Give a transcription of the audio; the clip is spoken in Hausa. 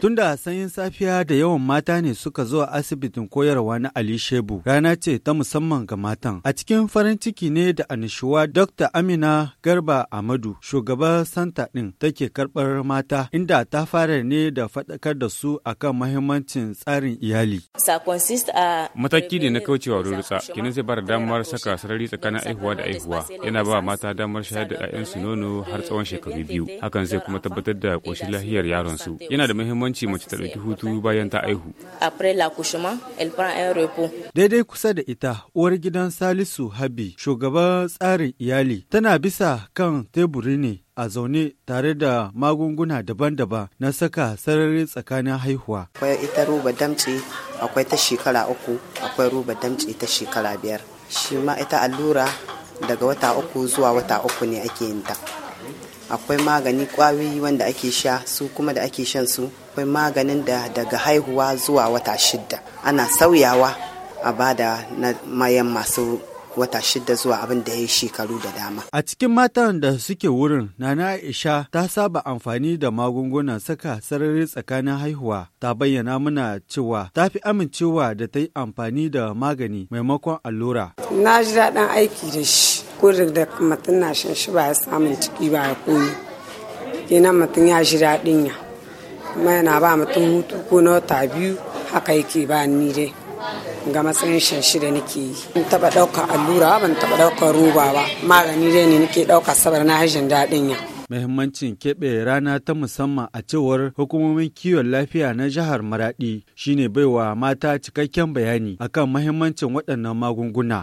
Tunda sanyin safiya da yawan mata ne suka zo a asibitin koyarwa na Ali Shebu, rana ce ta musamman ga matan. A cikin farin ciki ne da anishuwa Dr. Amina Garba Amadu, shugaba Santa ɗin take karɓar mata, inda ta fara ne da faɗakar da su akan mahimmancin tsarin iyali. Mataki ne na kaucewa rurutsa, kinin zai bar damar saka sarari tsakanin aihuwa da aihuwa, yana ba mata damar shayar da 'ya'yansu nono har tsawon shekaru biyu. Hakan zai kuma tabbatar da koshi lahiyar yaronsu. Yana da muhimmanci mace ta ɗauki hutu bayan ta aihu. Daidai kusa da ita, uwar gidan Salisu Habi, shugaban tsarin iyali, tana bisa kan teburi ne a zaune tare da magunguna daban-daban na saka sarari tsakanin haihuwa. Akwai ita roba damce akwai ta shekara uku, akwai roba damce ta shekara biyar. Shi ma ita allura daga wata uku zuwa wata uku ne ake yin ta. akwai magani kwayoyi wanda ake sha su kuma da ake shan su akwai maganin da daga haihuwa zuwa wata shidda ana sauyawa a bada na mayan masu wata shidda zuwa abin da ya yi shekaru da dama. A cikin matan da suke wurin, Nana Aisha ta saba amfani da magungunan saka sararin tsakanin haihuwa. Ta bayyana mana cewa ta fi amincewa da ta yi amfani da magani maimakon allura. Na ji daɗin aiki da shi. ko da mutum na shan shi ba ya samun ciki ba ya koyi kenan mutum ya shi daɗin ya kuma yana ba mutum hutu ko na wata biyu haka yake ba ni dai ga matsayin shan shi da nake yi ban taɓa ɗauka allura ban taɓa ɗauka roba ba magani dai ne nake ɗauka sabar na hajjin daɗin ya mahimmancin keɓe rana ta musamman a cewar hukumomin kiwon lafiya na jihar maraɗi shine baiwa mata cikakken bayani akan mahimmancin waɗannan magunguna